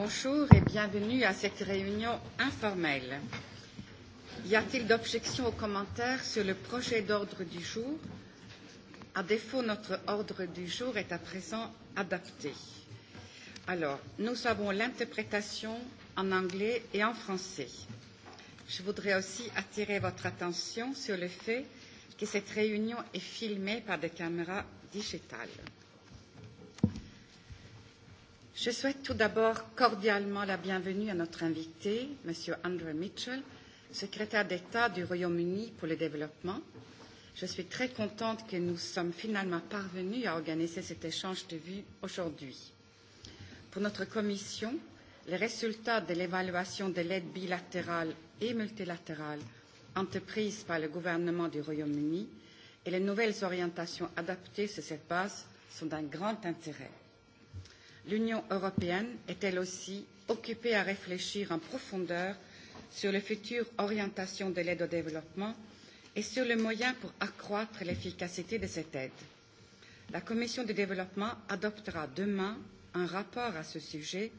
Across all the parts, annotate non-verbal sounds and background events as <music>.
Bonjour et bienvenue à cette réunion informelle. Y a-t-il d'objection aux commentaires sur le projet d'ordre du jour À défaut, notre ordre du jour est à présent adapté. Alors, nous avons l'interprétation en anglais et en français. Je voudrais aussi attirer votre attention sur le fait que cette réunion est filmée par des caméras digitales. Je souhaite tout d'abord cordialement la bienvenue à notre invité, M. Andrew Mitchell, secrétaire d'État du Royaume-Uni pour le développement. Je suis très contente que nous sommes finalement parvenus à organiser cet échange de vues aujourd'hui. Pour notre commission, les résultats de l'évaluation de l'aide bilatérale et multilatérale entreprise par le gouvernement du Royaume-Uni et les nouvelles orientations adaptées sur cette base sont d'un grand intérêt l'Union européenne est elle aussi occupée à réfléchir en profondeur sur les futures orientations de l'aide au développement et sur les moyens pour accroître l'efficacité de cette aide. La Commission du développement adoptera demain un rapport à ce sujet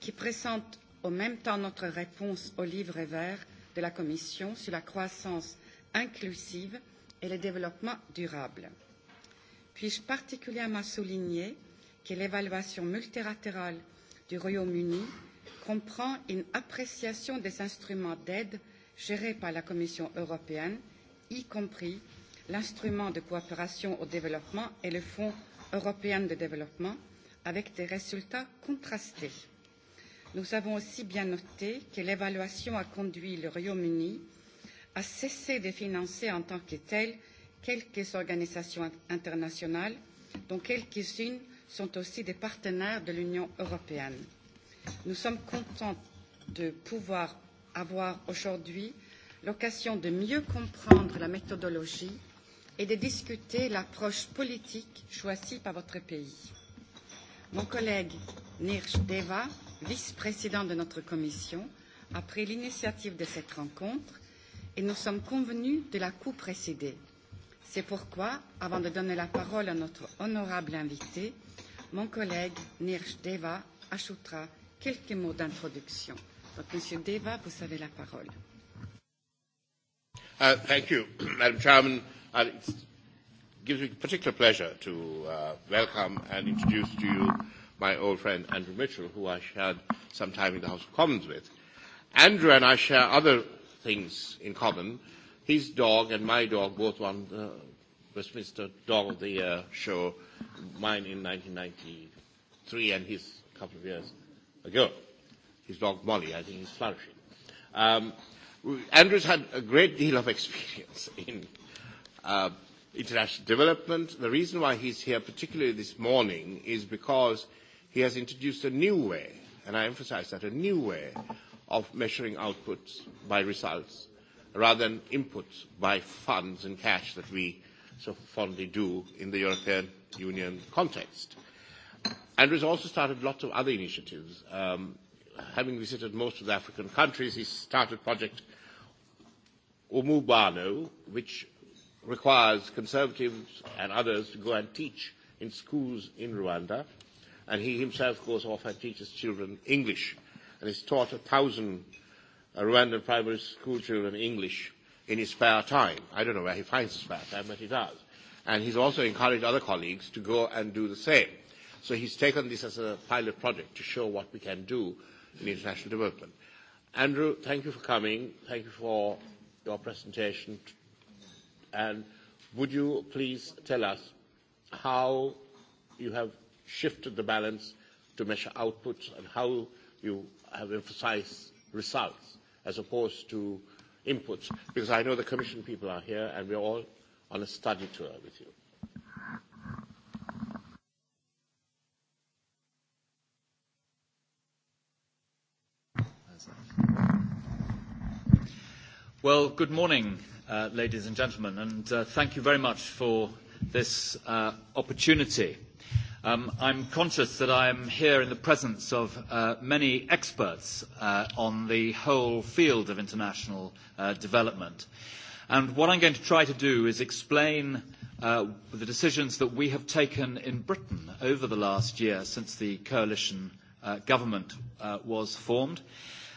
qui présente en même temps notre réponse au livre vert de la Commission sur la croissance inclusive et le développement durable. Puis-je particulièrement souligner que l'évaluation multilatérale du Royaume-Uni comprend une appréciation des instruments d'aide gérés par la Commission européenne, y compris l'instrument de coopération au développement et le Fonds européen de développement, avec des résultats contrastés. Nous avons aussi bien noté que l'évaluation a conduit le Royaume-Uni à cesser de financer en tant que tel quelques organisations internationales, dont quelques-unes sont aussi des partenaires de l'Union européenne. Nous sommes contents de pouvoir avoir aujourd'hui l'occasion de mieux comprendre la méthodologie et de discuter l'approche politique choisie par votre pays. Mon collègue Nirsch Deva, vice-président de notre commission, a pris l'initiative de cette rencontre et nous sommes convenus de la coup précédée. C'est pourquoi, avant de donner la parole à notre honorable invité, mon collègue Nirj Deva ajoutera quelques mots d'introduction. Donc, Monsieur Deva, vous avez la parole. Uh, thank you, <clears throat> Madam Chairman. Uh, it gives me particular pleasure to uh, welcome and introduce to you my old friend Andrew Mitchell, who I shared some time in the House of Commons with. Andrew and I share other things in common. His dog and my dog both won the Westminster Dog of the Year show mine in 1993 and his a couple of years ago. His dog Molly, I think he's flourishing. Um, Andrew's had a great deal of <laughs> experience in uh, international development. The reason why he's here, particularly this morning, is because he has introduced a new way, and I emphasize that a new way of measuring outputs by results rather than inputs by funds and cash that we so fondly do in the European Union context. Andrews also started lots of other initiatives. Um, having visited most of the African countries, he started Project Umubano, which requires conservatives and others to go and teach in schools in Rwanda. And he himself goes off and teaches children English. And he's taught a thousand Rwandan primary school children English in his spare time. I don't know where he finds his spare time, but he does and he's also encouraged other colleagues to go and do the same. So he's taken this as a pilot project to show what we can do in international development. Andrew, thank you for coming. Thank you for your presentation. And would you please tell us how you have shifted the balance to measure outputs and how you have emphasized results as opposed to inputs? Because I know the Commission people are here and we're all on a study tour with you. Well, good morning, uh, ladies and gentlemen, and uh, thank you very much for this uh, opportunity. Um, I'm conscious that I am here in the presence of many experts on the whole field of international development. And what I'm going to try to do is explain uh, the decisions that we have taken in Britain over the last year since the coalition uh, government uh, was formed.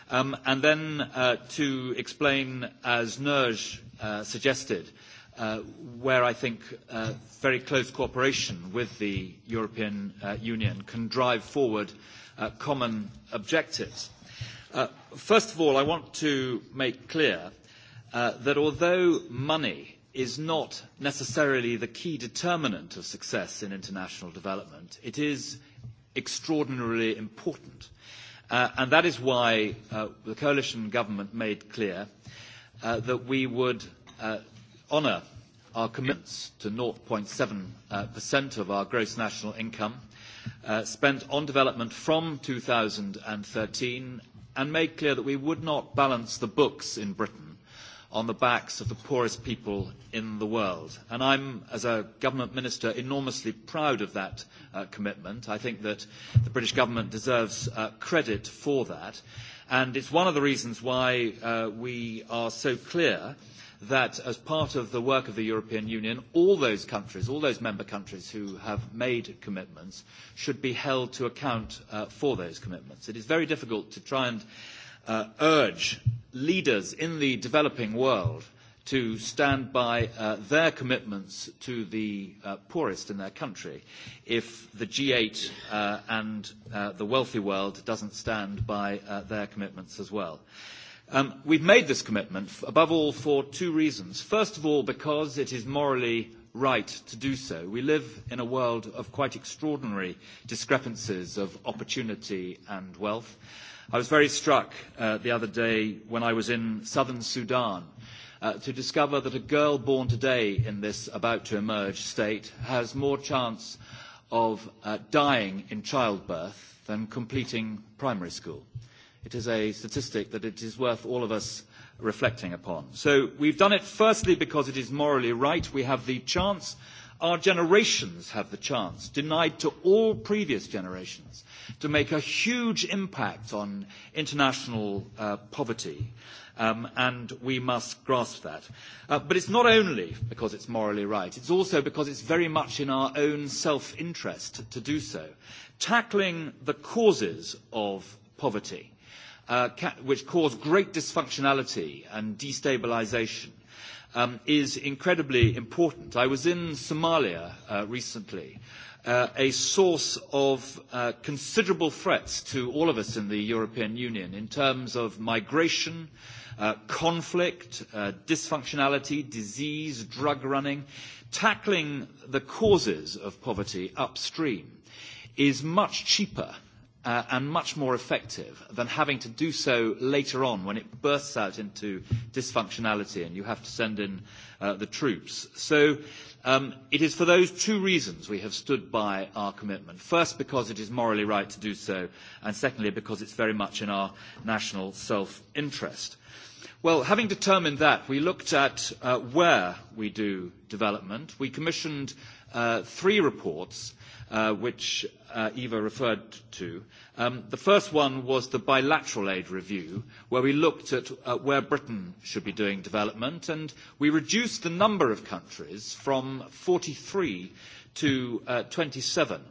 Um, and then uh, to explain, as Nerj uh, suggested, uh, where I think uh, very close cooperation with the European uh, Union can drive forward uh, common objectives. Uh, first of all, I want to make clear Uh, that although money is not necessarily the key determinant of success in international development, it is extraordinarily important. Uh, and that is why uh, the coalition government made clear uh, that we would uh, honour our commitments to 0.7% uh, of our gross national income uh, spent on development from 2013 and made clear that we would not balance the books in Britain on the backs of the poorest people in the world. And I'm, as a government minister, enormously proud of that uh, commitment. I think that the British government deserves uh, credit for that. And it's one of the reasons why uh, we are so clear that as part of the work of the European Union, all those countries, all those member countries who have made commitments should be held to account uh, for those commitments. It is very difficult to try and uh, uh, urge leaders in the developing world to stand by uh, their commitments to the uh, poorest in their country if the G8 uh, and uh, the wealthy world doesn't stand by uh, their commitments as well. Um, we've made this commitment, f- above all, for two reasons. First of all, because it is morally right to do so. We live in a world of quite extraordinary discrepancies of opportunity and wealth. I was very struck uh, the other day when I was in southern Sudan uh, to discover that a girl born today in this about to emerge state has more chance of uh, dying in childbirth than completing primary school. It is a statistic that it is worth all of us reflecting upon. So we've done it firstly because it is morally right. We have the chance our generations have the chance, denied to all previous generations, to make a huge impact on international uh, poverty. Um, and we must grasp that. Uh, but it's not only because it's morally right, it's also because it's very much in our own self interest to, to do so. Tackling the causes of poverty, uh, ca- which cause great dysfunctionality and destabilization, um, is incredibly important. I was in Somalia uh, recently, uh, a source of uh, considerable threats to all of us in the European Union in terms of migration, uh, conflict, uh, dysfunctionality, disease, drug running. Tackling the causes of poverty upstream is much cheaper uh, and much more effective than having to do so later on when it bursts out into dysfunctionality and you have to send in uh, the troops. So um, it is for those two reasons we have stood by our commitment. First, because it is morally right to do so, and secondly, because it's very much in our national self-interest. Well, having determined that, we looked at uh, where we do development. We commissioned uh, three reports, uh, which uh, Eva referred to. Um, the first one was the bilateral aid review, where we looked at uh, where Britain should be doing development, and we reduced the number of countries from 43 2027.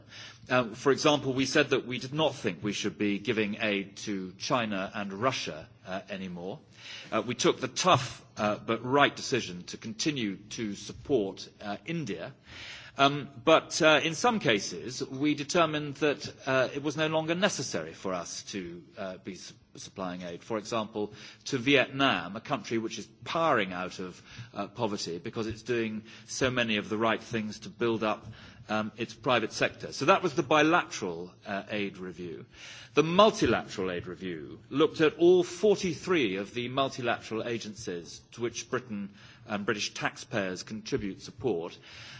Uh, um, for example, we said that we did not think we should be giving aid to China and Russia uh, anymore. Uh, we took the tough but right decision to continue to support India. Um, but in some cases, we determined that it was no longer necessary for us to be supplying aid, for example, to Vietnam, a country which is powering out of uh, poverty because it's doing so many of the right things to build up um, its private sector. So that was the bilateral uh, aid review. The multilateral aid review looked at all 43 of the multilateral agencies to which Britain and British taxpayers contribute support.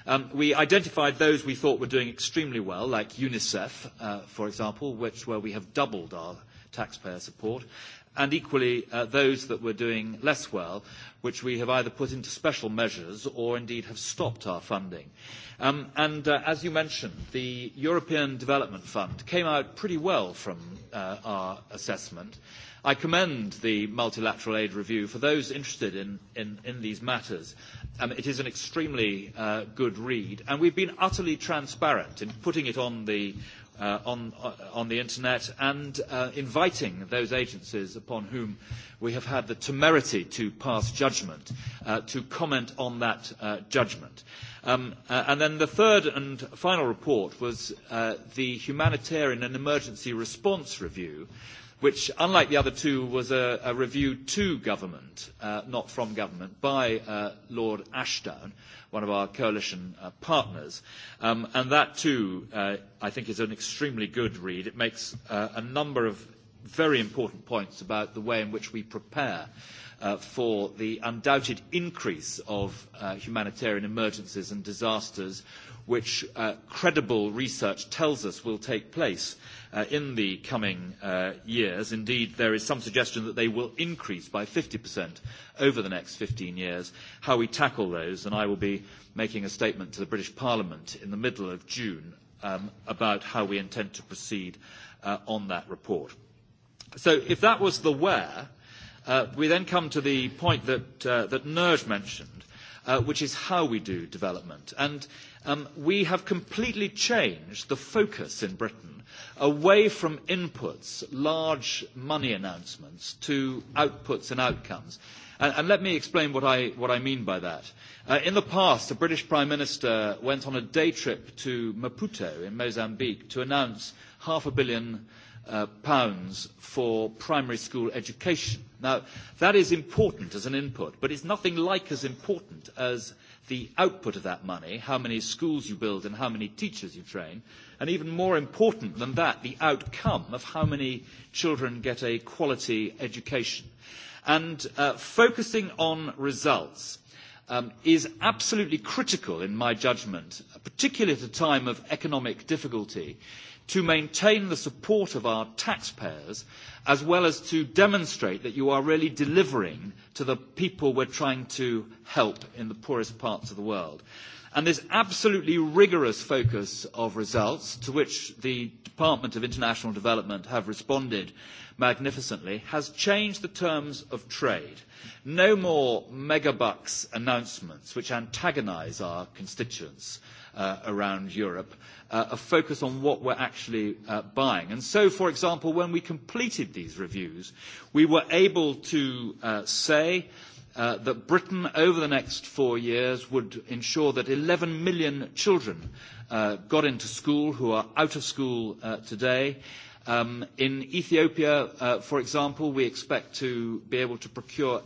Um, we identified those we thought were doing extremely well, like UNICEF, uh, for example, which where we have doubled our uh, taxpayer support, and equally, uh, those that were doing less well, which we have either put into special measures or indeed have stopped our funding. Um, uh, as you mentioned, the European Development Fund came out pretty well from uh, our assessment. I commend the Multilateral Aid Review for those interested in these matters. Um, it is an extremely good read, and we've been utterly transparent in putting it on the uh, on, uh, on the internet and uh, inviting those agencies upon whom we have had the temerity to pass judgment uh, to comment on that uh, judgment. Um, uh, and then the third and final report was uh, the Humanitarian and Emergency Response Review, which, unlike the other two, was a, a review to government, uh, not from government, by uh, Lord Ashdown, one of our coalition uh, partners. Um, and that, too, uh, I think is an extremely good read. It makes uh, a number of very important points about the way in which we prepare uh, for the undoubted increase of uh, humanitarian emergencies and disasters, which uh, credible research tells us will take place uh, in the coming uh, years. Indeed, there is some suggestion that they will increase by 50% over the next 15 years. How we tackle those, and I will be making a statement to the British Parliament in the middle of June um, about how we intend to proceed uh, on that report. So if that was the where, uh, we then come to the point that, uh, that Nerj mentioned, uh, which is how we do development. And um, we have completely changed the focus in Britain away from inputs, large money announcements, to outputs and outcomes. And, and let me explain what I, what I mean by that. Uh, in the past, the British Prime Minister went on a day trip to Maputo in Mozambique to announce half a billion Uh, pounds for primary school education. Now, that is important as an input, but it's nothing like as important as the output of that money, how many schools you build and how many teachers you train, and even more important than that, the outcome of how many children get a quality education. And uh, focusing on results um, is absolutely critical, in my judgment, particularly at a time of economic difficulty, uh, to maintain the support of our taxpayers, as well as to demonstrate that you are really delivering to the people we're trying to help in the poorest parts of the world. And this absolutely rigorous focus of results, to which the Department of International Development have responded magnificently, has changed the terms of trade. No more megabucks announcements which antagonize our constituents. Uh, around Europe, uh, a focus on what we're actually uh, buying. For example, when we completed these reviews, we were able to say that Britain, over the next four years, would ensure that 11 million children got into school who are out of school today. Um, in Ethiopia, for example, we expect to be able to procure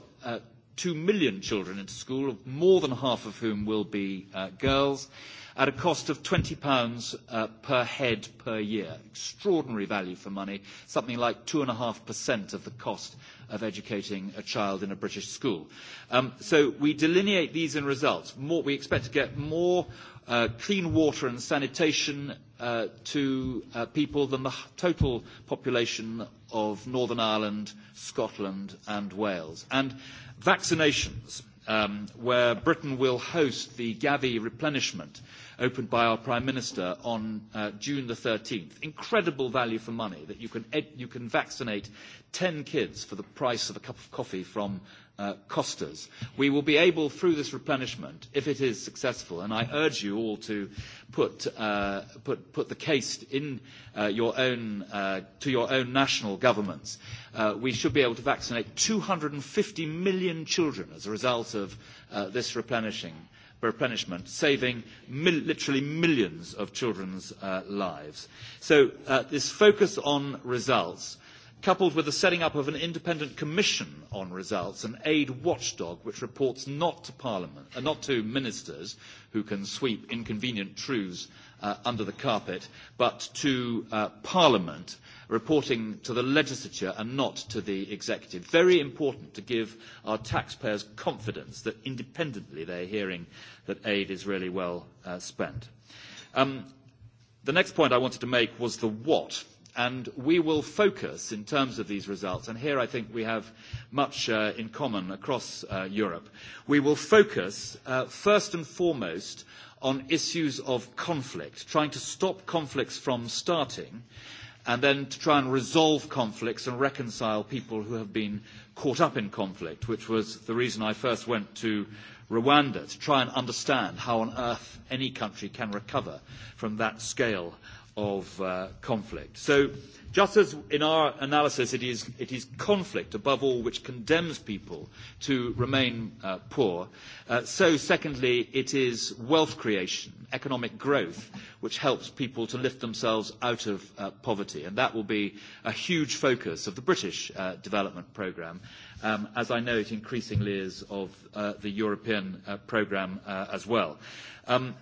2 million children into school, more than half of whom will be girls at a cost of £20 uh, per head per year. Extraordinary value for money, something like 2.5% of the cost of educating a child in a British school. Um, so we delineate these in results. More, we expect to get more uh, clean water and sanitation uh, to uh, people than the total population of Northern Ireland, Scotland, and Wales. And vaccinations um, where Britain will host the Gavi replenishment opened by our Prime Minister on uh, June the 13th. Incredible value for money that you can, ed- you can vaccinate 10 kids for the price of a cup of coffee from Uh, cost us. We will be able, through this replenishment, if it is successful, and I urge you all to put, uh, put, put the case in uh, your own, uh, to your own national governments, uh, we should be able to vaccinate 250 million children as a result of uh, this replenishing, replenishment, saving mil- literally millions of children's uh, lives. So uh, this focus on results uh, coupled with the setting up of an independent commission on results, an aid watchdog which reports not to parliament, uh, not to ministers who can sweep inconvenient truths uh, under the carpet, but to uh, parliament reporting to the legislature and not to the executive. very important to give our taxpayers confidence that independently they're hearing that aid is really well uh, spent. Um, the next point i wanted to make was the what and we will focus in terms of these results, and here I think we have much uh, in common across uh, Europe. We will focus uh, first and foremost on issues of conflict, trying to stop conflicts from starting, and then to try and resolve conflicts and reconcile people who have been caught up in conflict, which was the reason I first went to Rwanda, to try and understand how on earth any country can recover from that scale of uh, conflict. So, just as in our analysis it is, it is conflict above all which condemns people to remain uh, poor, uh, so secondly it is wealth creation, economic growth, which helps people to lift themselves out of uh, poverty. And that will be a huge focus of the British uh, development programme. Um, as I know it increasingly is of uh, the European uh, program uh, as well. Um,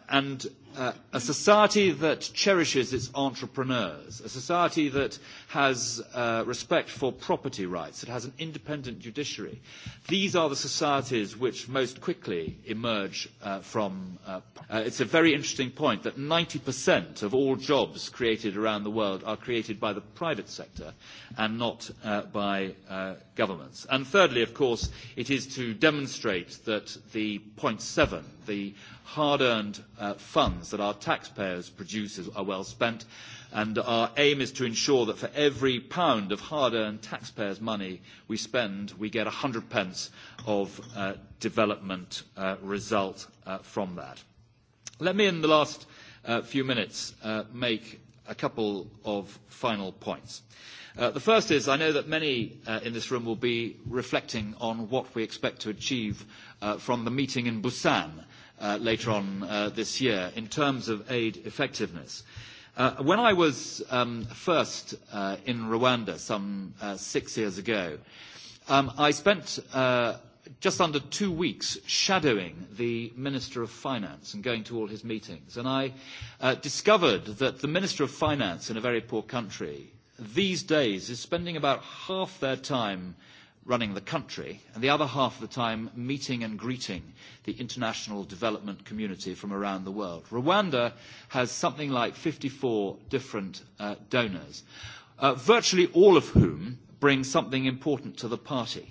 a society that cherishes its entrepreneurs, a society that has uh, respect for property rights, it has an independent judiciary. These are the societies which most quickly emerge uh, from. Uh, uh, it's a very interesting point that 90% of all jobs created around the world are created by the private sector and not uh, by uh, governments. And thirdly, of course, it is to demonstrate that the 0.7, the hard-earned uh, funds that our taxpayers produce are well spent and our aim is to ensure that for every pound of hard-earned taxpayers' money we spend, we get 100 pence of uh, development uh, result uh, from that. Let me, in the last uh, few minutes, uh, make a couple of final points. Uh, the first is, I know that many uh, in this room will be reflecting on what we expect to achieve uh, from the meeting in Busan uh, later on uh, this year in terms of aid effectiveness. Uh, Uh, when I was um, first uh, in Rwanda some uh, six years ago, um, I spent uh, just under two weeks shadowing the Minister of Finance and going to all his meetings. And I uh, discovered that the Minister of Finance in a very poor country these days is spending about half their time running the country, and the other half of the time meeting and greeting the international development community from around the world. Rwanda has something like 54 different uh, donors, uh, virtually all of whom bring something important to the party.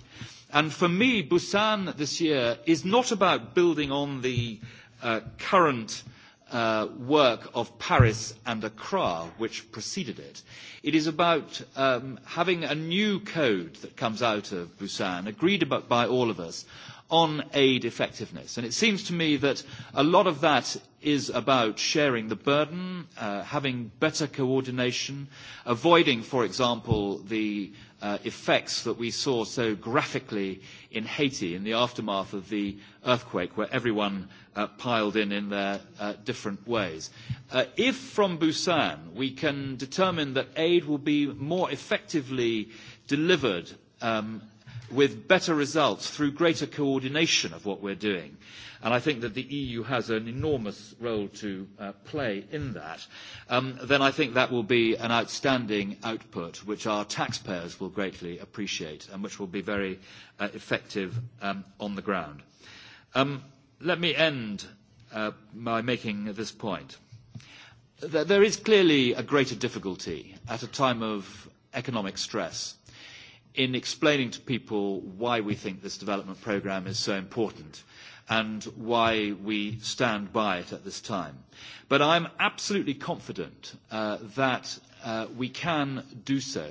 And for me, Busan this year is not about building on the uh, current uh, uh, work of Paris and Accra, which preceded it. It is about um, having a new code that comes out of Busan, agreed about by all of us, on aid effectiveness. And it seems to me that a lot of that is about sharing the burden, uh, having better coordination, avoiding, for example, the uh, effects that we saw so graphically in Haiti in the aftermath of the earthquake, where everyone uh, piled in in their uh, different ways. Uh, if from Busan we can determine that aid will be more effectively delivered um, with better results through greater coordination of what we're doing. And I think that the EU has an enormous role to uh, play in that. Um, then I think that will be an outstanding output, which our taxpayers will greatly appreciate and which will be very uh, effective um, on the ground. Um, let me end uh, by making this point. There is clearly a greater difficulty at a time of economic stress in explaining to people why we think this development program is so important and why we stand by it at this time. I'm absolutely confident uh, that uh, we can do so.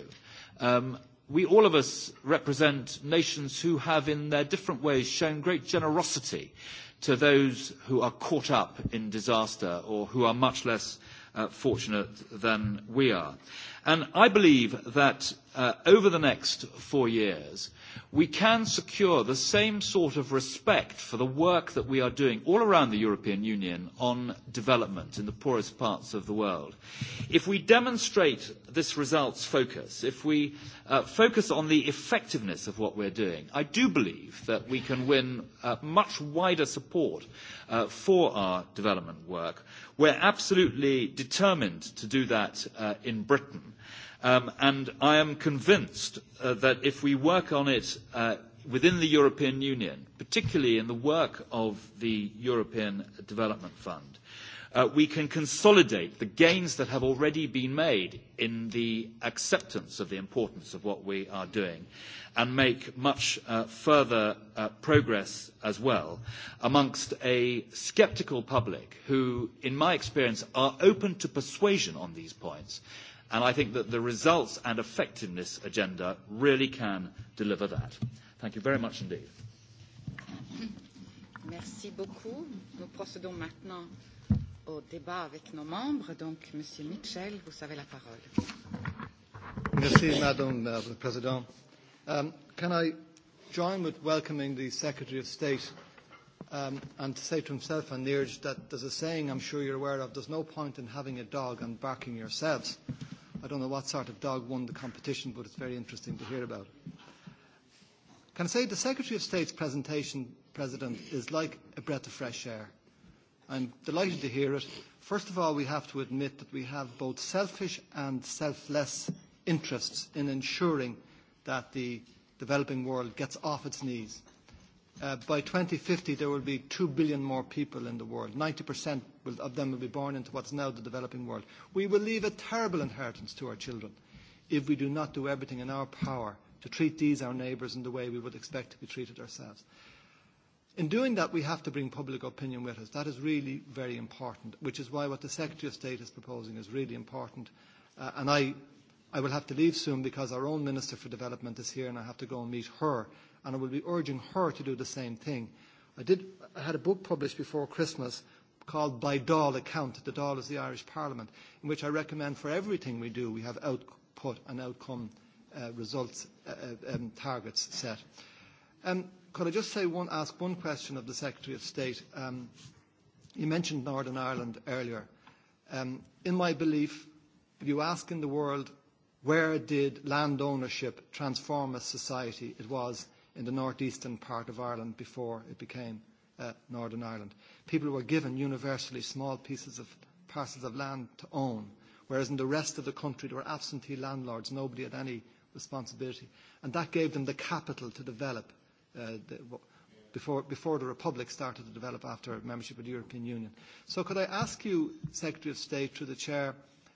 Um, we all of us represent nations who have, in their different ways, shown great generosity to those who are caught up in disaster or who are much less uh, fortunate than we are. And I believe that uh, over the next four years, uh, we can secure the same sort of respect for the work that we are doing all around the European Union on development in the poorest parts of the world. If we demonstrate this results focus, if we uh, focus on the effectiveness of what we're doing, I do believe that we can win uh, much wider support uh, for our development work. We're absolutely determined to do that uh, in Britain. Um, and I am convinced uh, that if we work on it uh, within the European Union, particularly in the work of the European Development Fund, uh, we can consolidate the gains that have already been made in the acceptance of the importance of what we are doing and make much uh, further uh, progress as well amongst a sceptical public who, in my experience, are open to persuasion on these points and I think that the results and effectiveness agenda really can deliver that. Thank you very much indeed. Merci beaucoup. Nous procédons maintenant au débat avec nos membres. Donc, Monsieur Mitchell, vous avez la parole. Merci, Madame la Présidente. Um, can I join with welcoming the Secretary of State, um, and to say to himself and Neeraj that there's a saying I'm sure you're aware of: "There's no point in having a dog and barking yourselves." I don't know what sort of dog won the competition, but it's very interesting to hear about. Can I say the Secretary of State's presentation, President, is like a breath of fresh air. I'm delighted to hear it. First of all, we have to admit that we have both selfish and selfless interests in ensuring that the developing world gets off its knees. Uh, by 2050, there will be 2 billion more people in the world, 90% of them will be born into what's now the developing world. We will leave a terrible inheritance to our children if we do not do everything in our power to treat these, our neighbours, in the way we would expect to be treated ourselves. In doing that, we have to bring public opinion with us. That is really very important, which is why what the Secretary of State is proposing is really important. Uh, and I, I will have to leave soon because our own Minister for Development is here and I have to go and meet her. And I will be urging her to do the same thing. I, did, I had a book published before Christmas called By Dáil Account. The Dáil is the Irish Parliament, in which I recommend for everything we do, we have output and outcome uh, results uh, uh, um, targets set. Um, could I just say one, ask one question of the Secretary of State? Um, you mentioned Northern Ireland earlier. Um, in my belief, you ask in the world, where did land ownership transform a society it was in the northeastern part of Ireland before it became uh, Northern Ireland. People were given universally small pieces of parcels of land to own, whereas in the rest of the country there were absentee landlords, nobody had any responsibility. And that gave them the capital to develop uh, the, before, before the Republic started to develop after membership of the European Union. So could I ask you, Secretary of State, through the Chair,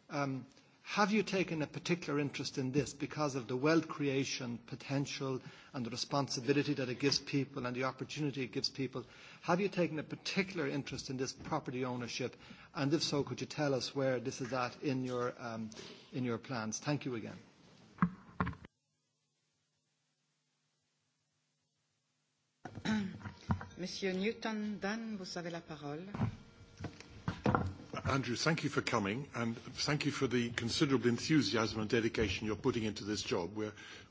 um, have you taken a particular interest in this because of the wealth creation potential and the responsibility that it gives people and the opportunity it gives people? Have you taken a particular interest in this property ownership? And if so, could you tell us where this is at in your, um, in your plans? Thank you again. <coughs> Monsieur Newton, Dan, vous avez la parole. Andrew, thank you for coming, and thank you for the considerable enthusiasm and dedication you're putting into this job.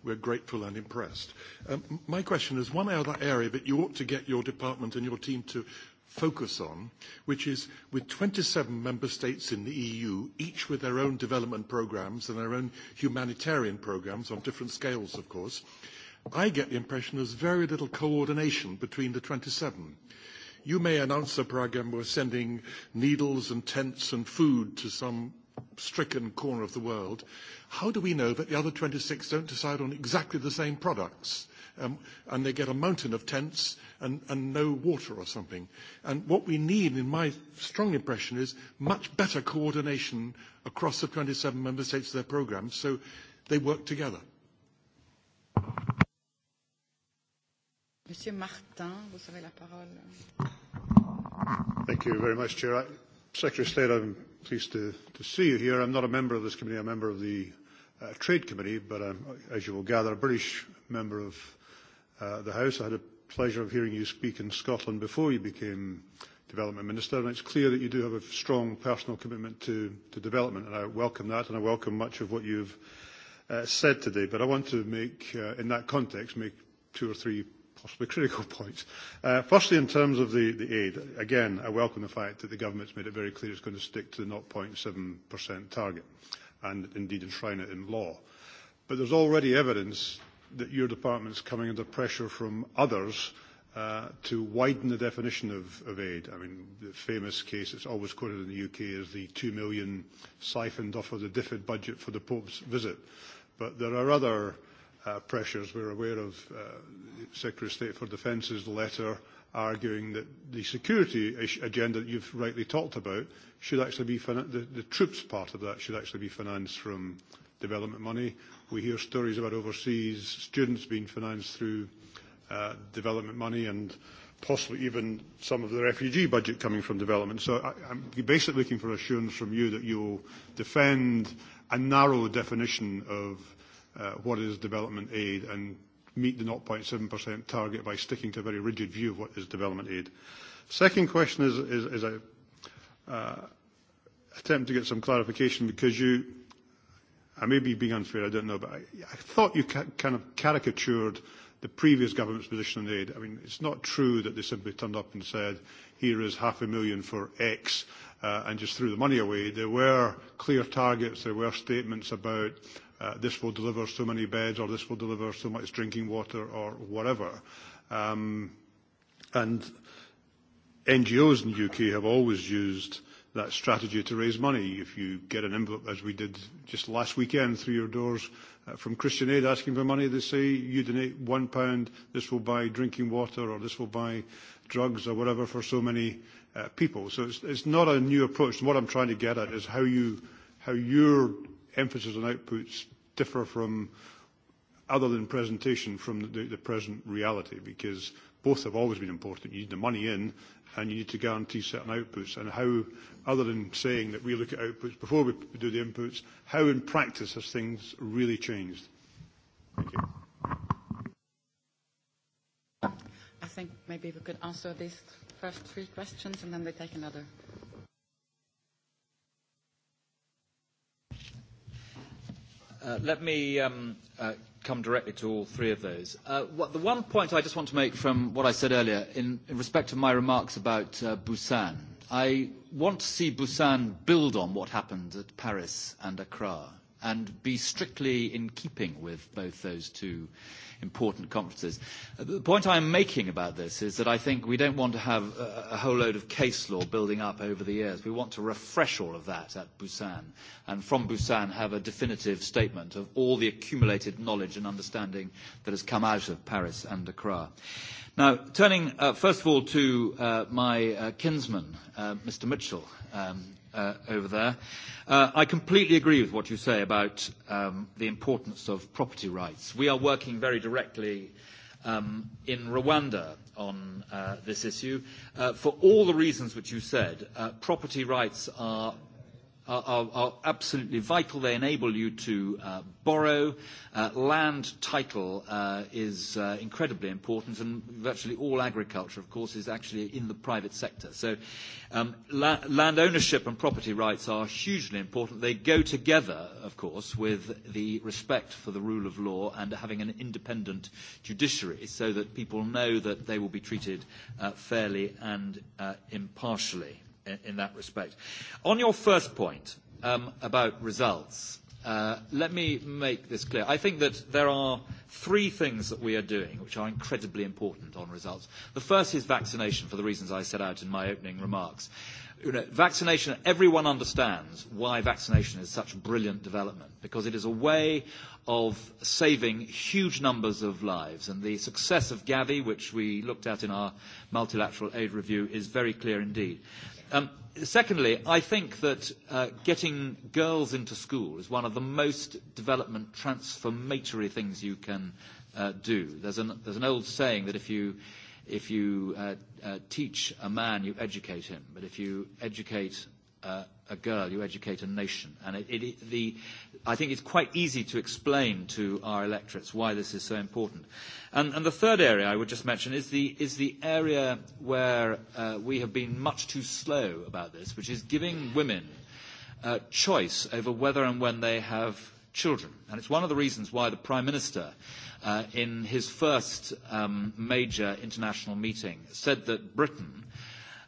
We're grateful and impressed. Um, my question is one other area that you ought to get your department and your team to focus on, which is with 27 member states in the EU, each with their own development programs and their own humanitarian programs on different scales, of course, I get the impression there's very little coordination between the 27 you may announce the program we're sending needles and tents and food to some stricken corner of the world. How do we know that the other 26 don't decide on exactly the same products? Um, and they get a mountain of tents and, and no water or something. And what we need, in my strong impression, is much better coordination across the 27 member states of their programs so they work together. Monsieur Martin, vous avez la parole. Thank you very much, Chair. I, Secretary of State, I'm pleased to, to see you here. I'm not a member of this committee, I'm a member of the uh, Trade Committee, but I'm, as you will gather, a British member of uh, the House. I had a pleasure of hearing you speak in Scotland before you became Development Minister, and it's clear that you do have a strong personal commitment to, to development, and I welcome that, and I welcome much of what you've uh, said today. But I want to make, uh, in that context, make two or three possibly critical <laughs> points. Uh, firstly, in terms of the, the aid, again, I welcome the fact that the government's made it very clear it's going to stick to the 0.7% target and indeed enshrine it in law. But there's already evidence that your department's coming under pressure from others uh, to widen the definition of, of aid. I mean, the famous case that's always quoted in the UK is the 2 million siphoned off of the DFID budget for the Pope's visit. But there are other uh, Uh, pressures. We're aware of the uh, Secretary of State for Defence's letter arguing that the security agenda that you've rightly talked about should actually be fin- the, the troops part of that should actually be financed from development money. We hear stories about overseas students being financed through uh, development money and possibly even some of the refugee budget coming from development. So I, I'm basically looking for assurance from you that you'll defend a narrow definition of Uh, what is development aid and meet the 0.7% target by sticking to a very rigid view of what is development aid. Second question is, is, is a uh, attempt to get some clarification because you, I may be being unfair, I don't know, but I, I thought you ca- kind of caricatured the previous government's position on aid. I mean, it's not true that they simply turned up and said, here is half a million for X uh, and just threw the money away. There were clear targets, there were statements about Uh, this will deliver so many beds, or this will deliver so much drinking water, or whatever. Um, and NGOs in the U.K. have always used that strategy to raise money. If you get an envelope, as we did just last weekend, through your doors, uh, from Christian Aid asking for money, they say, "You donate 1 pound, this will buy drinking water, or this will buy drugs," or whatever, for so many uh, people. So it's not a new approach. What I'm trying to get at is how your emphasis on outputs differ from other than presentation from the, the present reality because both have always been important. You need the money in and you need to guarantee certain outputs. And how, other than saying that we look at outputs before we do the inputs, how in practice has things really changed? Thank you. I think maybe we could answer these first three questions and then we take another. Uh, let me um, uh, come directly to all three of those. Uh, the one point I just want to make from what I said earlier in respect to my remarks about Busan, I want to see Busan build on what happened at Paris and Accra and be strictly in keeping with both those two important conferences. Uh, the point I'm making about this is that I think we don't want to have a whole load of case law building up over the years. We want to refresh all of that at Busan and from Busan have a definitive statement of all the accumulated knowledge and understanding that has come out of Paris and Accra. Now, turning uh, first of all to uh, my uh, kinsman, uh, Mr. Mitchell, um, Uh, over there. Uh, I completely agree with what you say about um, the importance of property rights. We are working very directly um, in Rwanda on uh, this issue. Uh, for all the reasons which you said, uh, property rights are are absolutely vital. They enable you to uh, borrow. Uh, land title uh, is incredibly important, and virtually all agriculture, of course, is actually in the private sector. Um, land ownership and property rights are hugely important. They go together, of course, with the respect for the rule of law and having an independent judiciary so that people know that they will be treated fairly and impartially in that respect. On your first point um, about results, uh, let me make this clear. I think that there are three things that we are doing which are incredibly important on results. The first is vaccination, for the reasons I set out in my opening remarks. You know, vaccination, everyone understands why vaccination is such a brilliant development, because it is a way of saving huge numbers of lives. The success of Gavi, which we looked at in our multilateral aid review, is very clear indeed. Um, secondly, I think that uh, getting girls into school is one of the most development transformatory things you can uh, do. There's an, there's an old saying that if you, if you uh, uh, teach a man, you educate him. But if you educate uh, a girl, you educate a nation. And it, it, the, I think it's quite easy to explain to our electorates why this is so important. And, and the third area I would just mention is the, is the area where uh, we have been much too slow about this, which is giving women uh, choice over whether and when they have children. And it's one of the reasons why the Prime Minister, uh, in his first um, major international meeting, said that Britain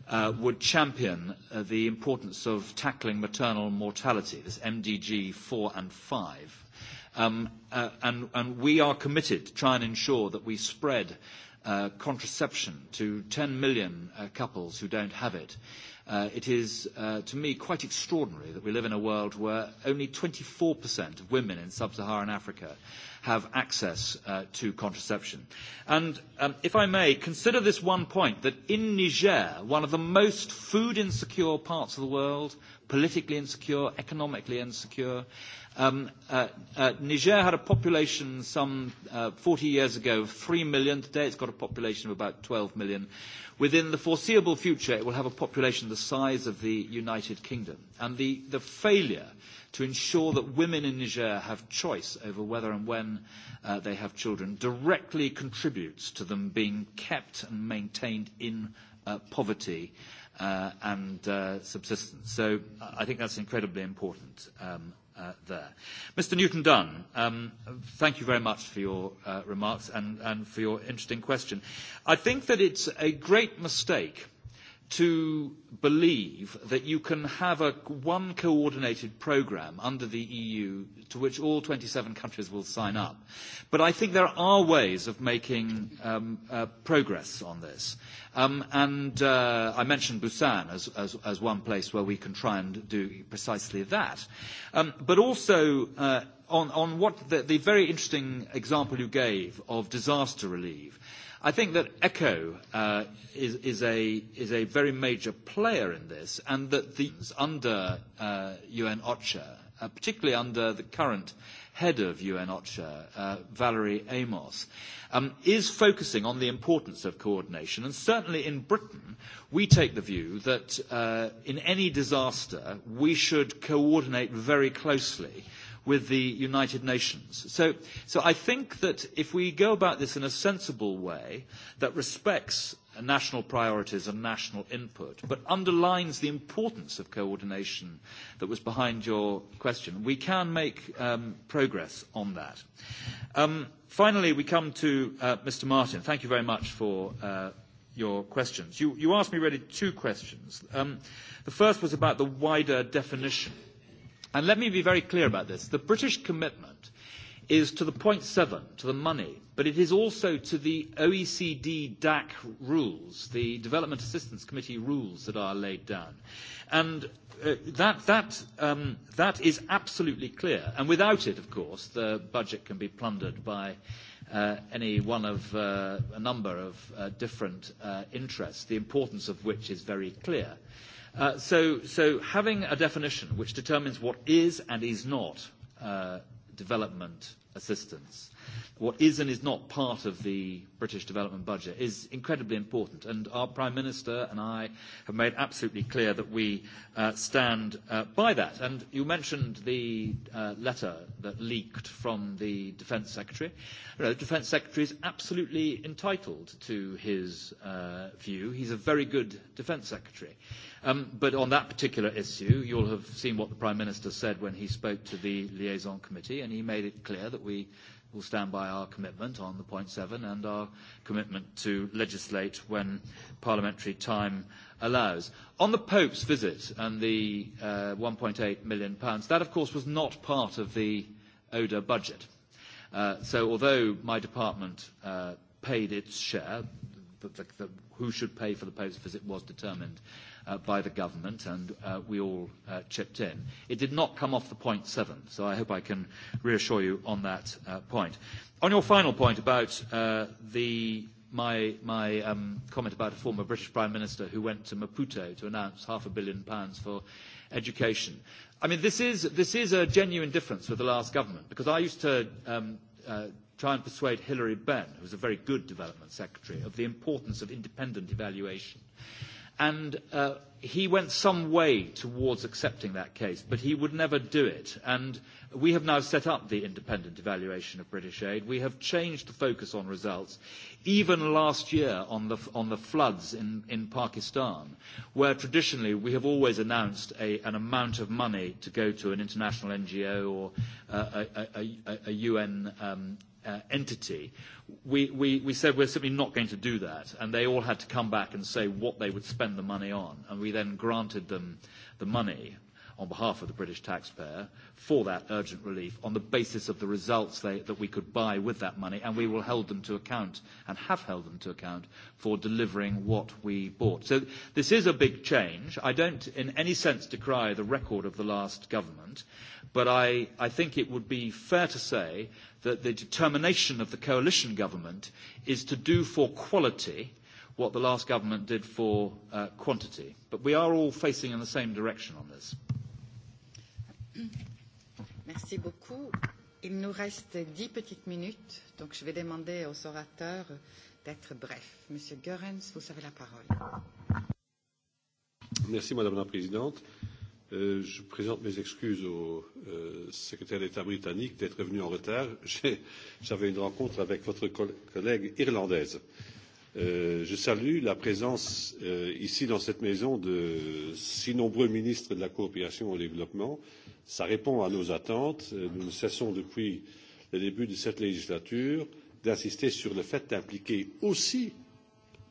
uh, would champion uh, the importance of tackling maternal mortality, this MDG 4 and 5. Um, uh, and, and we are committed to try and ensure that we spread uh, contraception to 10 million uh, couples who don't have it. Uh, it is, uh, to me, quite extraordinary that we live in a world where only 24% of women in sub-Saharan Africa have access uh, to contraception. And um, if I may, consider this one point, that in Niger, one of the most food-insecure parts of the world, politically insecure, economically insecure, uh, Um, uh, uh, Niger had a population some uh, 40 years ago of 3 million. Today it's got a population of about 12 million. Within the foreseeable future, it will have a population the size of the United Kingdom. And the, the failure to ensure that women in Niger have choice over whether and when uh, they have children directly contributes to them being kept and maintained in uh, poverty uh, and uh, subsistence. So I think that's incredibly important. Um, Uh, there. Mr. Newton-Dunn, um, thank you very much for your uh, remarks and, and for your interesting question. I think that it's a great mistake – to believe that you can have a one coordinated program under the EU to which all 27 countries will sign up. But I think there are ways of making um, uh, progress on this. Um, and uh, I mentioned Busan as, as, as one place where we can try and do precisely that. Um, but also uh, on, on what the, the very interesting example you gave of disaster relief. I think that Echo uh, is, is, a, is a very major player in this, and that the under uh, UN OCHA, uh, particularly under the current head of UN OCHA, uh, Valerie Amos, um, is focusing on the importance of coordination. And certainly in Britain, we take the view that uh, in any disaster, we should coordinate very closely uh, with the United Nations. So, so I think that if we go about this in a sensible way that respects national priorities and national input, but underlines the importance of coordination that was behind your question, we can make um, progress on that. Um, finally, we come to uh, Mr. Martin. Thank you very much for uh, your questions. You, you asked me really two questions. Um, the first was about the wider definition Let me be very clear about this. The British commitment is to the 0.7, to the money, but it is also to the OECD DAC rules, the Development Assistance Committee rules that are laid down. Uh, um, that is absolutely clear. Without it, of course, the budget can be plundered by Uh, any one of uh, a number of uh, different interests, the importance of which is very clear. So having a definition which determines what is and is not development assistance. What is and is not part of the British development budget is incredibly important. And our Prime Minister and I have made absolutely clear that we uh, stand uh, by that. And you mentioned the uh, letter that leaked from the Defence Secretary. You know, the Defence Secretary is absolutely entitled to his uh, view. He's a very good Defence Secretary. Um, but on that particular issue, you'll have seen what the Prime Minister said when he spoke to the liaison committee, and he made it clear that we will stand by our commitment on the point seven and our commitment to legislate when parliamentary time allows. On the Pope's visit and the uh, £1.8 million, that of course was not part of the ODA budget. Uh, so although my department uh, paid its share, the, the, the, who should pay for the Pope's visit was determined. Mm-hmm. Uh, by the government, and uh, we all uh, chipped in. It did not come off the 0.7, so I hope I can reassure you on that uh, point. On your final point about uh, the, my, my um, comment about a former British Prime Minister who went to Maputo to announce half a billion pounds for education, I mean, this is, this is a genuine difference with the last government, because I used to um, uh, try and persuade Hilary Benn, who was a very good development secretary, of the importance of independent evaluation. And uh, he went some way towards accepting that case, but he would never do it. And we have now set up the independent evaluation of British aid. We have changed the focus on results. Even last year on the, on the floods in, in Pakistan, where traditionally we have always announced a, an amount of money to go to an international NGO or a, a, a, a UN. Um, uh, entity. We, we, we said we're simply not going to do that, and they all had to come back and say what they would spend the money on, and we then granted them the money on behalf of the British taxpayer for that urgent relief on the basis of the results they, that we could buy with that money, and we will hold them to account and have held them to account for delivering what we bought. So this is a big change. I don't in any sense decry the record of the last government, but I, I think it would be fair to say that the determination of the coalition government is to do for quality what the last government did for uh, quantity. But we are all facing in the same direction on this. Merci beaucoup. Il nous reste dix petites minutes, donc je vais demander aux orateurs d'être brefs. Monsieur Goerens, vous avez la parole. Merci, Madame la Présidente. Euh, je présente mes excuses au euh, secrétaire d'État britannique d'être venu en retard. <laughs> J'avais une rencontre avec votre collègue irlandaise. Euh, je salue la présence euh, ici dans cette maison de si nombreux ministres de la coopération au développement euh, cela répond à nos attentes nous ne cessons depuis le début de cette législature d'insister sur le fait d'impliquer aussi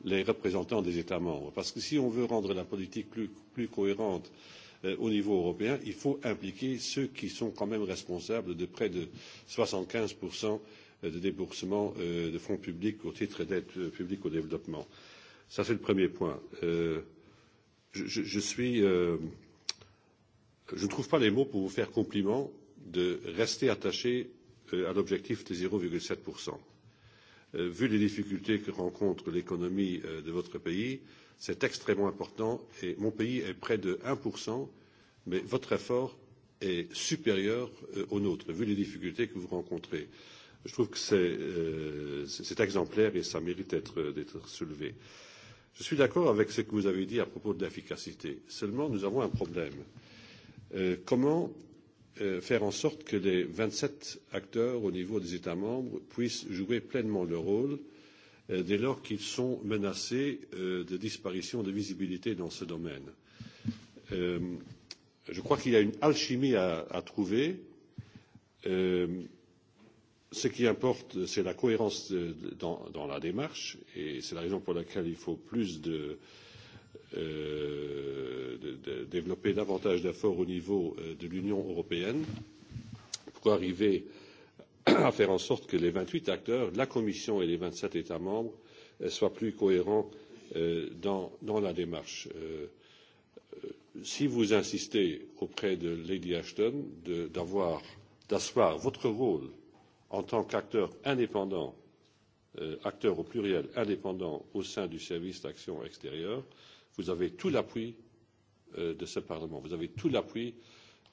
les représentants des états membres parce que si on veut rendre la politique plus, plus cohérente euh, au niveau européen il faut impliquer ceux qui sont quand même responsables de près de soixante quinze euh, de déboursement euh, de fonds publics au titre d'aide euh, publique au développement. Ça, c'est le premier point. Euh, je, je suis euh, je ne trouve pas les mots pour vous faire compliment de rester attaché euh, à l'objectif de 0,7%. Euh, vu les difficultés que rencontre l'économie euh, de votre pays, c'est extrêmement important et mon pays est près de 1%, mais votre effort est supérieur au nôtre, vu les difficultés que vous rencontrez. Je trouve que c'est euh, exemplaire et ça mérite d'être soulevé. Je suis d'accord avec ce que vous avez dit à propos de l'efficacité. Seulement, nous avons un problème. Euh, euh, comment euh, faire en sorte que les 27 acteurs au niveau des États membres puissent jouer pleinement leur rôle euh, dès lors qu'ils sont menacés euh, de disparition de visibilité dans ce domaine euh, Je crois qu'il y a une alchimie à, à trouver. Euh, ce qui importe, c'est la cohérence de, de, dans, dans la démarche et c'est la raison pour laquelle il faut plus de, euh, euh, développer davantage d'efforts au niveau euh, de l'Union européenne pour arriver à faire en sorte que les 28 acteurs, la Commission et les 27 États membres euh, soient plus cohérents euh, dans, dans la démarche. Euh, euh si vous insistez auprès de Lady Ashton d'avoir, d'asseoir votre rôle en tant qu'acteur indépendant, euh, acteur au pluriel indépendant au sein du service d'action extérieure, euh, vous avez tout l'appui euh, de ce Parlement, vous avez tout l'appui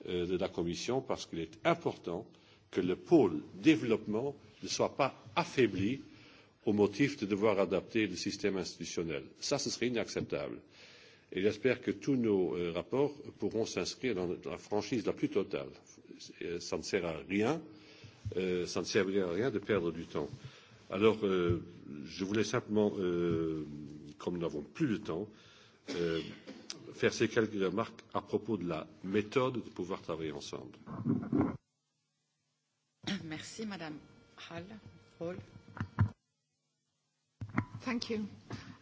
euh, de la Commission, parce qu'il est important que le pôle développement ne soit pas affaibli au motif de devoir adapter le système institutionnel. Ça, ce serait inacceptable. Et j'espère que tous nos euh, rapports pourront s'inscrire dans la franchise la plus totale. Ça ne sert à rien, ça ne servirait à rien de perdre du temps. Alors, euh, je voulais simplement, euh, comme nous n'avons plus de temps, euh, euh, faire ces quelques remarques à propos de la méthode de pouvoir travailler ensemble. Merci, Madame Hall. Hall. Thank you.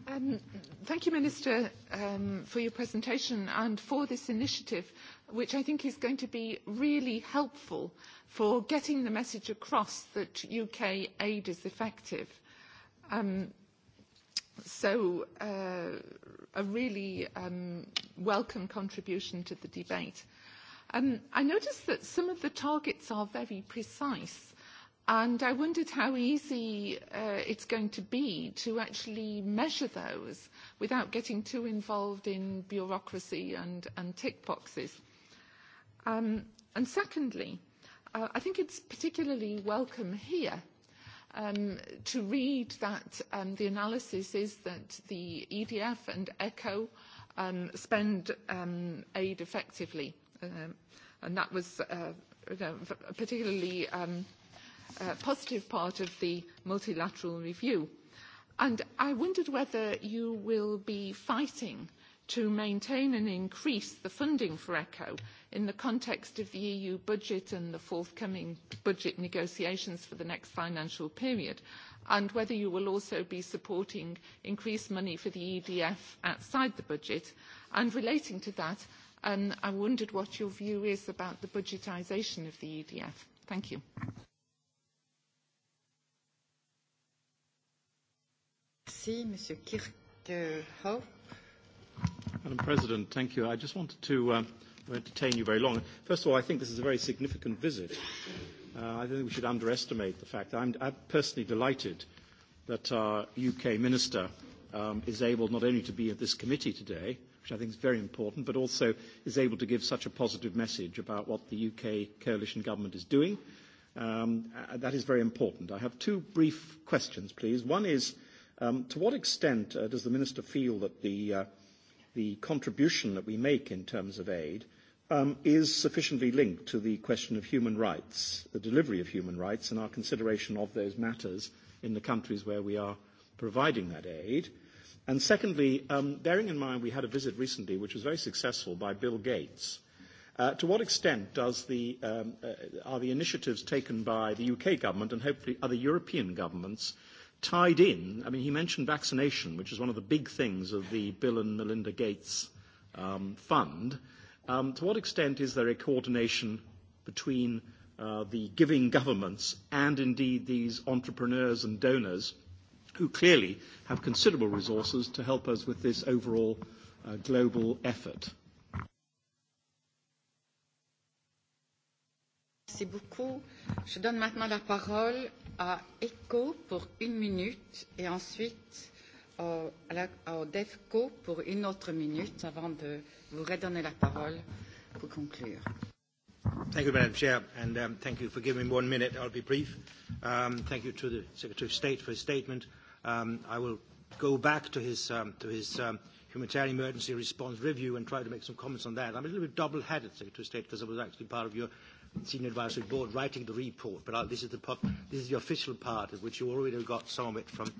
Um, thank you, Minister, um, for your presentation and for this initiative, which I think is going to be really helpful for getting the message across that UK aid is effective. Um, So uh, a really um, welcome contribution to the debate. Um, I noticed that some of the targets are very precise, and I wondered how easy uh, it's going to be to actually measure those without getting too involved in bureaucracy and, and tick boxes. Um, and secondly, uh, I think it's particularly welcome here um, to read that um, the analysis is that the EDF and ECHO um, spend um, aid effectively. Um, and that was uh, a particularly um, a positive part of the multilateral review. And I wondered whether you will be fighting to maintain and increase the funding for ECHO in the context of the EU budget and the forthcoming budget negotiations for the next financial period, and whether you will also be supporting increased money for the EDF outside the budget. And relating to that, um, I wondered what your view is about the budgetisation of the EDF. Thank you. Merci, Monsieur Kirkhoff. Madam President, thank you. I just wanted to uh, entertain you very long. First of all, I think this is a very significant visit. Uh, I think we should underestimate the fact. I'm, I'm personally delighted that our UK minister um, is able not only to be at this committee today, which I think is very important, but also is able to give such a positive message about what the UK coalition government is doing. Um, uh, that is very important. I have two brief questions, please. One is, um, to what extent uh, does the minister feel that the uh, the contribution that we make in terms of aid um, is sufficiently linked to the question of human rights, the delivery of human rights, and our consideration of those matters in the countries where we are providing that aid. And secondly, um, bearing in mind we had a visit recently which was very successful by Bill Gates, uh, to what extent does the, um, uh, are the initiatives taken by the UK government and hopefully other European governments tied in, I mean, he mentioned vaccination, which is one of the big things of the Bill and Melinda Gates um, fund. Um, to what extent is there a coordination between uh, the giving governments and indeed these entrepreneurs and donors who clearly have considerable resources to help us with this overall uh, global effort? Merci beaucoup. Je donne maintenant la parole à ECO pour une minute et ensuite euh, au, au DEFCO pour une autre minute avant de vous redonner la parole pour conclure. Thank you, Madam Chair, and um, thank you for giving me one minute. I'll be brief. Um, thank you to the Secretary of State for his statement. Um, I will go back to his, um, to his um, humanitarian emergency response review and try to make some comments on that. I'm a little bit double-headed, Secretary of State, because I was actually part of your senior advisory board writing the report, but I, this, is the pop, this is the official part of which you already got some of it from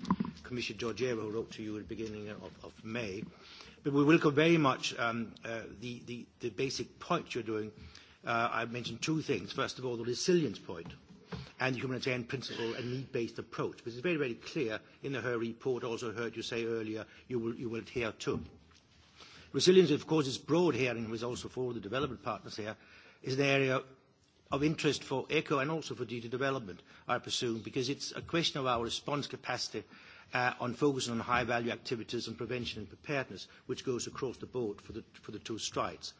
Commissioner Georgieva, who wrote to you at the beginning of, of May. But we will go very much um, uh, the, the, the basic point you're doing. Uh, I mentioned two things. First of all, the resilience point and the humanitarian principle and need-based approach, which is very, very clear in the her report, also heard you say earlier, you will, you will adhere to. Resilience, of course, is broad here, and is also for the development partners here, is an area of interest for ECHO and also for Digital Development are pursuing because it's a question of our response capacity uh, on focusing on high-value activities and prevention and preparedness, which goes across the board for the, for the two strides.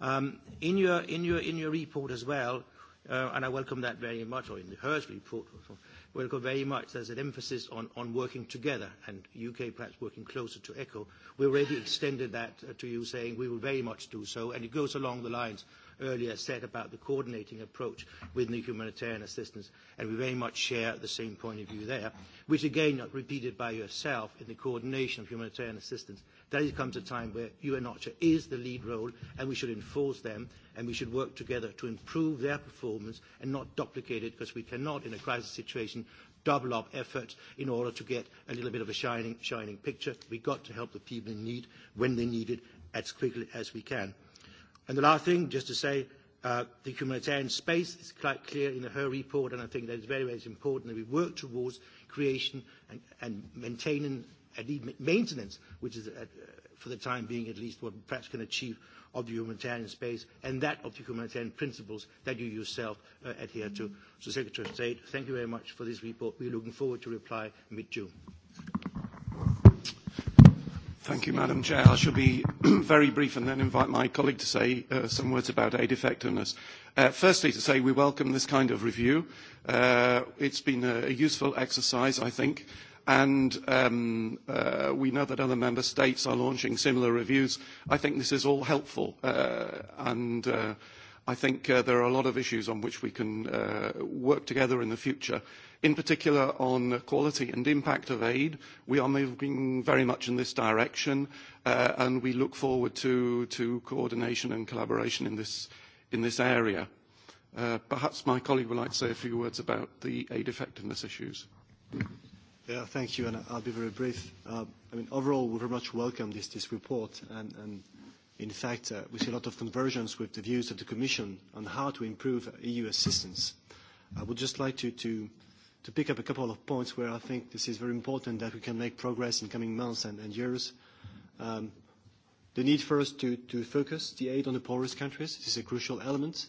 Um, in, your, in, your, in your report as well, uh, and I welcome that very much, or in the HERS report, <laughs> welcome very much, there's an emphasis on, on working together and UK perhaps working closer to ECHO. We already extended that uh, to you saying we will very much do so, and it goes along the lines earlier said about the coordinating approach with the humanitarian assistance, and we very much share the same point of view there, which again, not repeated by yourself in the coordination of humanitarian assistance, that it comes a time where UN OCHA is the lead role, and we should enforce them, and we should work together to improve their performance and not duplicate it, because we cannot, in a crisis situation, double up efforts in order to get a little bit of a shining, shining picture. We've got to help the people in need when they need it as quickly as we can. And the last thing, just to say, uh, the humanitarian space is quite clear in her report, and I think that is very, very important that we work towards creation and, and maintaining and even maintenance, which is, at, uh, for the time being, at least what we perhaps can achieve of the humanitarian space and that of the humanitarian principles that you yourself uh, adhere mm-hmm. to. So, Secretary of State, thank you very much for this report. We are looking forward to reply mid-June. Thank you, Madam Chair. I shall be <clears throat> very brief and then invite my colleague to say uh, some words about aid effectiveness. Uh, firstly, to say we welcome this kind of review. Uh, it's been a, a useful exercise, I think, and um, uh, we know that other member states are launching similar reviews. I think this is all helpful uh, and uh, I think uh, there are a lot of issues on which we can uh, work together in the future, in particular on quality and impact of aid. We are moving very much in this direction, uh, and we look forward to, to coordination and collaboration in this, in this area. Uh, perhaps my colleague would like to say a few words about the aid effectiveness issues. Yeah, thank you, and I'll be very brief. Uh, I mean, overall, we very much welcome this, this report, and, and in fact, uh, we see a lot of convergence with the views of the Commission on how to improve EU assistance. I would just like to, to, to pick up a couple of points where I think this is very important that we can make progress in coming months and, and years. Um, the need first to, to focus the aid on the poorest countries this is a crucial element.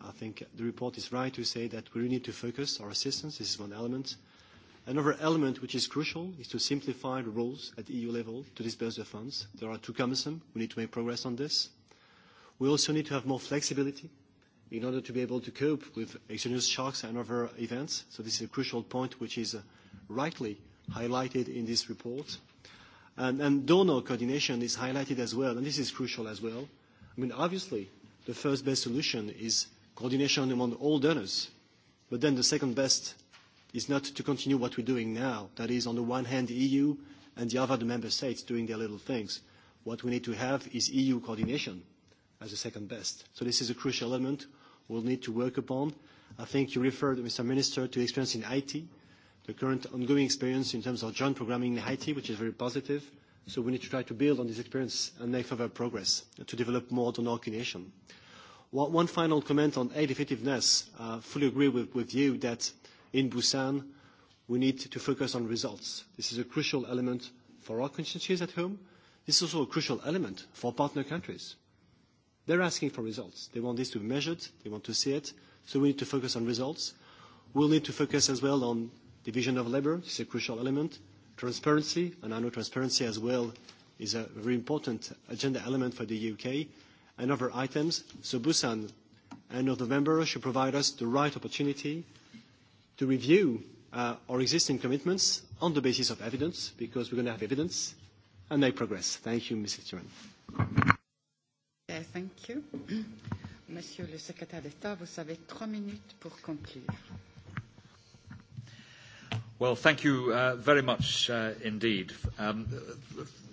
I think the report is right to say that we really need to focus our assistance. This is one element. Uh, Another element which is crucial is to simplify the rules at the EU level to disperse the funds. They are too cumbersome. We need to make progress on this. We also need to have more flexibility in order to be able to cope with exogenous shocks and other events. So this is a crucial point which is uh, rightly highlighted in this report. And, and donor coordination is highlighted as well, and this is crucial as well. I mean, obviously, the first best solution is coordination among all donors. But then the second best is not to continue what we're doing now. That is, on the one hand, the EU and the other, the member states, doing their little things. What we need to have is EU coordination as a second best. So this is a crucial element we'll need to work upon. I think you referred, Mr. Minister, to the experience in Haiti, the current ongoing experience in terms of joint programming in Haiti, which is very positive. So we need to try to build on this experience and make further progress to develop more donor coordination. One final comment on aid effectiveness. I uh, fully agree with, with you that in Busan, we need to focus on results. This is a crucial element for our constituencies at home. This is also a crucial element for partner countries. They're asking for results. They want this to be measured. They want to see it. So we need to focus on results. We'll need to focus as well on division of labor. This is a crucial element. Transparency, and I know transparency as well is a very important agenda element for the U.K. and other items. So Busan, end of November, should provide us the right opportunity to review uh, our existing commitments on the basis of evidence, because we're going to have evidence and make progress. Thank you, Mr. Chairman. Uh, thank you. <clears throat> Monsieur le secrétaire d'État, vous avez trois minutes pour conclure. Well, thank you uh, very much uh, indeed. Um,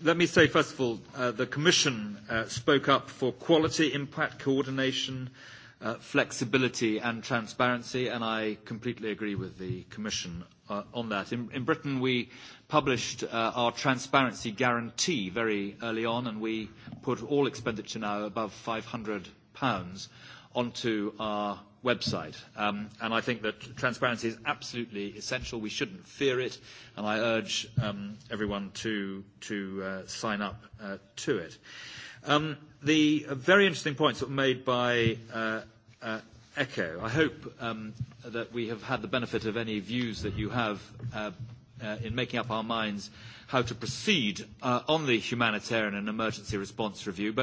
let me say, first of all, uh, the Commission uh, spoke up for quality impact coordination. Uh, flexibility and transparency, and I completely agree with the commission uh, on that. In Britain, we published uh, our transparency guarantee very early on, and we put all expenditure now above 500 pounds onto our website. Um, and I think that transparency is absolutely essential. We shouldn't fear it, and I urge um, everyone to sign up to it. Um, the very interesting points that were made by uh, uh, Echo. I hope um, that we have had the benefit of any views that you have uh, in making up our minds how to proceed on the humanitarian and emergency response review.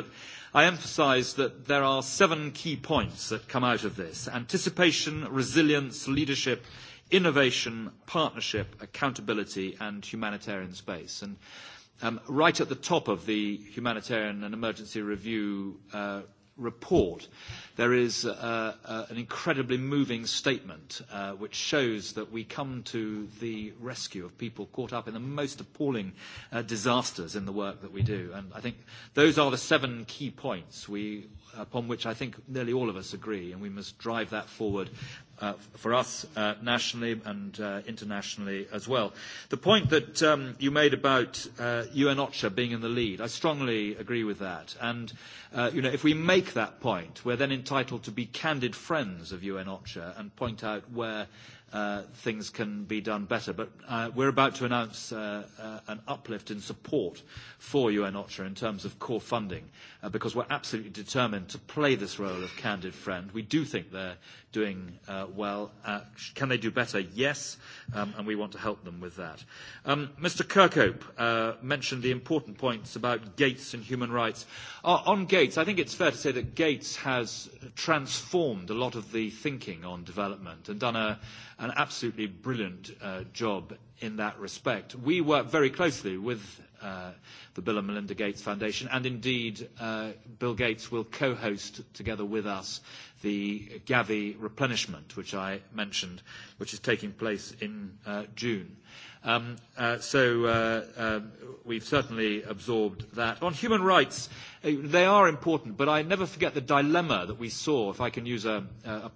I emphasize that there are seven key points that come out of this: anticipation, resilience, leadership, innovation, partnership, accountability, and humanitarian space um, right at the top of the humanitarian and emergency review uh, report there is a, uh, a, uh, an incredibly moving statement uh, which shows that we come to the rescue of people caught up in the most appalling uh, disasters in the work that we do. And I think those are the seven key points we, upon which I think nearly all of us agree, and we must drive that forward. Uh, for us uh, nationally and uh, internationally as well. The point that um, you made about uh, UN OCHA being in the lead, I strongly agree with that. And, uh, you know, if we make that point, we're then in entitled to be candid friends of UN OCHA and point out where Uh, things can be done better. Uh, we're about to announce uh, an uplift in support for UN OCHA in terms of core funding, because we're absolutely determined to play this role of candid friend. We do think they're doing well. Can they do better? Yes. Um, we want to help them with that. Um, Mr. Kirkhope mentioned the important points about Gates and human rights. On Gates, I think it's fair to say that Gates has transformed a lot of the thinking on development and done a an absolutely brilliant uh, job in that respect. We work very closely with uh, the Bill & Melinda Gates Foundation, and indeed, uh, Bill Gates will co-host together with us the Gavi replenishment, which I mentioned, which is taking place in June. Um, uh, so uh, um, we've certainly absorbed that. On human rights, uh, they are important, but I never forget the dilemma that we saw, if I can use a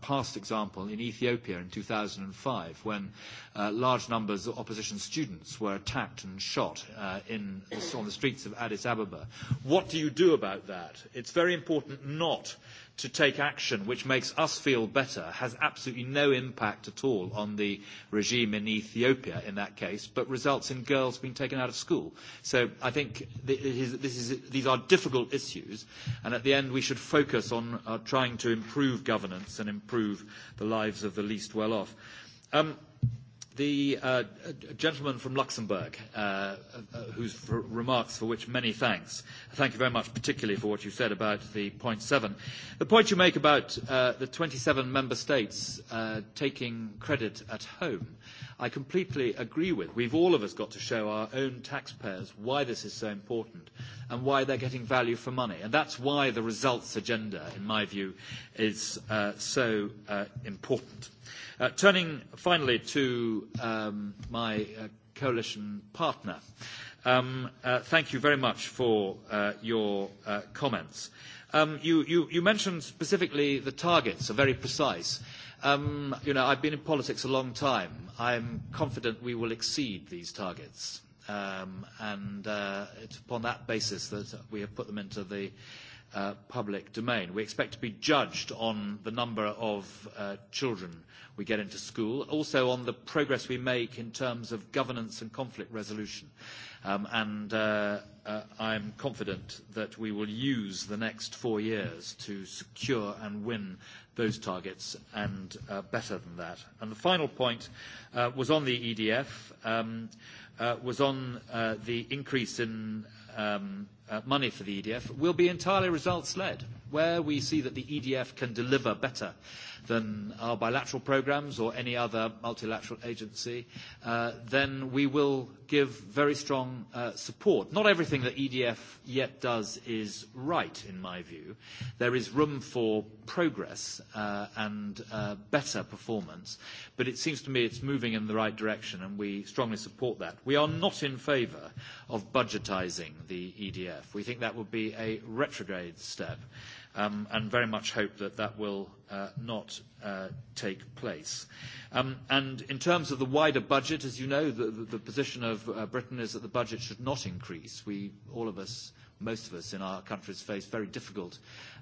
past example, in Ethiopia in 2005, when large numbers of opposition students were attacked and shot on the streets of Addis Ababa. What do you do about that? It's very important not to take action which makes us feel better has absolutely no impact at all on the regime in Ethiopia in that case, but results in girls being taken out of school. So I think this is, this is, these are difficult issues, and at the end we should focus on uh, trying to improve governance and improve the lives of the least well off. Um, the uh, gentleman from Luxembourg, uh, uh, uh whose remarks for which many thanks. Thank you very much, particularly for what you said about the point seven. The point you make about uh, the 27 member states uh, taking credit at home, I completely agree with. We've all of us got to show our own taxpayers why this is so important and why they're getting value for money. And that's why the results agenda, in my view, is uh, so uh, important. Uh, turning finally to um, my uh, coalition partner, um, uh, thank you very much for uh, your uh, comments. Um, you, you, you mentioned specifically the targets are very precise. Um, you know, I've been in politics a long time. I'm confident we will exceed these targets. Um, and uh, it's upon that basis that we have put them into the uh, uh, public domain. We expect to be judged on the number of uh, children we get into school, also on the progress we make in terms of governance and conflict resolution. Um, and uh, uh, I'm confident that we will use the next four years to secure and win those targets and uh, better than that. And the final point uh, was on the EDF, um, uh, was on uh, the increase in um, Uh, money for the EDF will be entirely results-led. Where we see that the EDF can deliver better than our bilateral programs or any other multilateral agency, uh, then we will give very strong uh, support. Not everything that EDF yet does is right, in my view. There is room for progress and better performance, but it seems to me it's moving in the right direction, and we strongly support that. We are not in favor of budgetizing the EDF. IMF. We think that would be a retrograde step, um, and very much hope that that will uh, not uh, take place. Um, in terms of the wider budget, as you know, the position of uh, Britain is that the budget should not increase. We, all of us, most of us in our countries face very difficult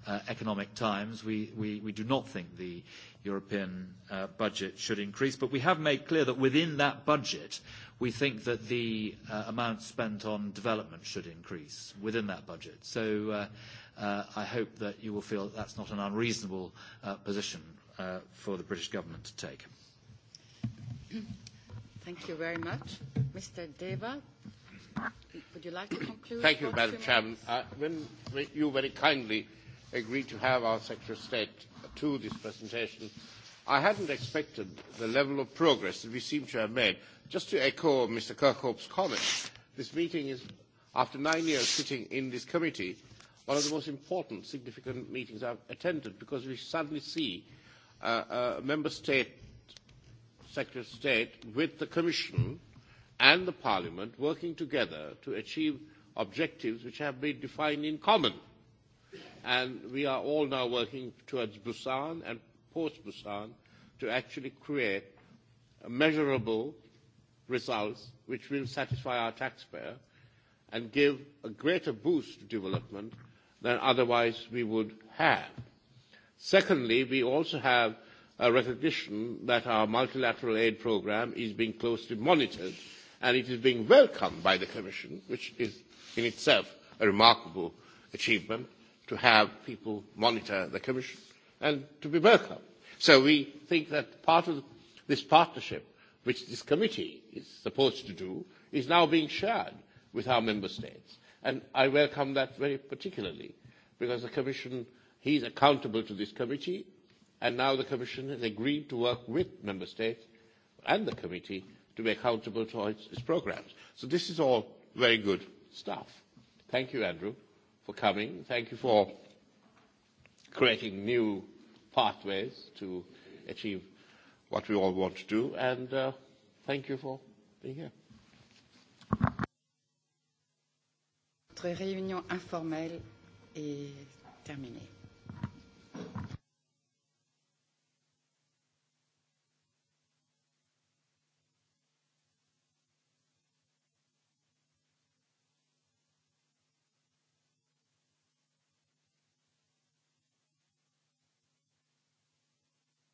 uh, economic times. We, we, we do not think the European uh, budget should increase, but we have made clear that within that budget, we think that the uh, amount spent on development should increase within that budget. So uh, uh, I hope that you will feel that that's not an unreasonable uh, position uh, for the British government to take. Thank you very much. Mr. Deva, Would you like to conclude? Thank you, Madam Chairman. Uh, when you very kindly agreed to have our Secretary of State to this presentation, I hadn't expected the level of progress that we seem to have made. Just to echo Mr. Kirkhope's comment, this meeting is, after nine years sitting in this committee, one of the most important, significant meetings I've attended because we suddenly see uh, a member state, Secretary of State, with the Commission. Mm-hmm and the parliament working together to achieve objectives which have been defined in common. And we are all now working towards Busan and post-Busan to actually create measurable results which will satisfy our taxpayer and give a greater boost to development than otherwise we would have. Secondly, we also have a recognition that our multilateral aid program is being closely monitored and it is being welcomed by the Commission, which is in itself a remarkable achievement to have people monitor the Commission and to be welcome. So we think that part of this partnership, which this committee is supposed to do, is now being shared with our member states. And I welcome that very particularly because the Commission, he's accountable to this committee, and now the Commission has agreed to work with member states and the committee to be accountable to its programmes. So this is all very good stuff. Thank you, Andrew, for coming. Thank you for creating new pathways to achieve what we all want to do. And uh, thank you for being here. Notre réunion informelle est terminée.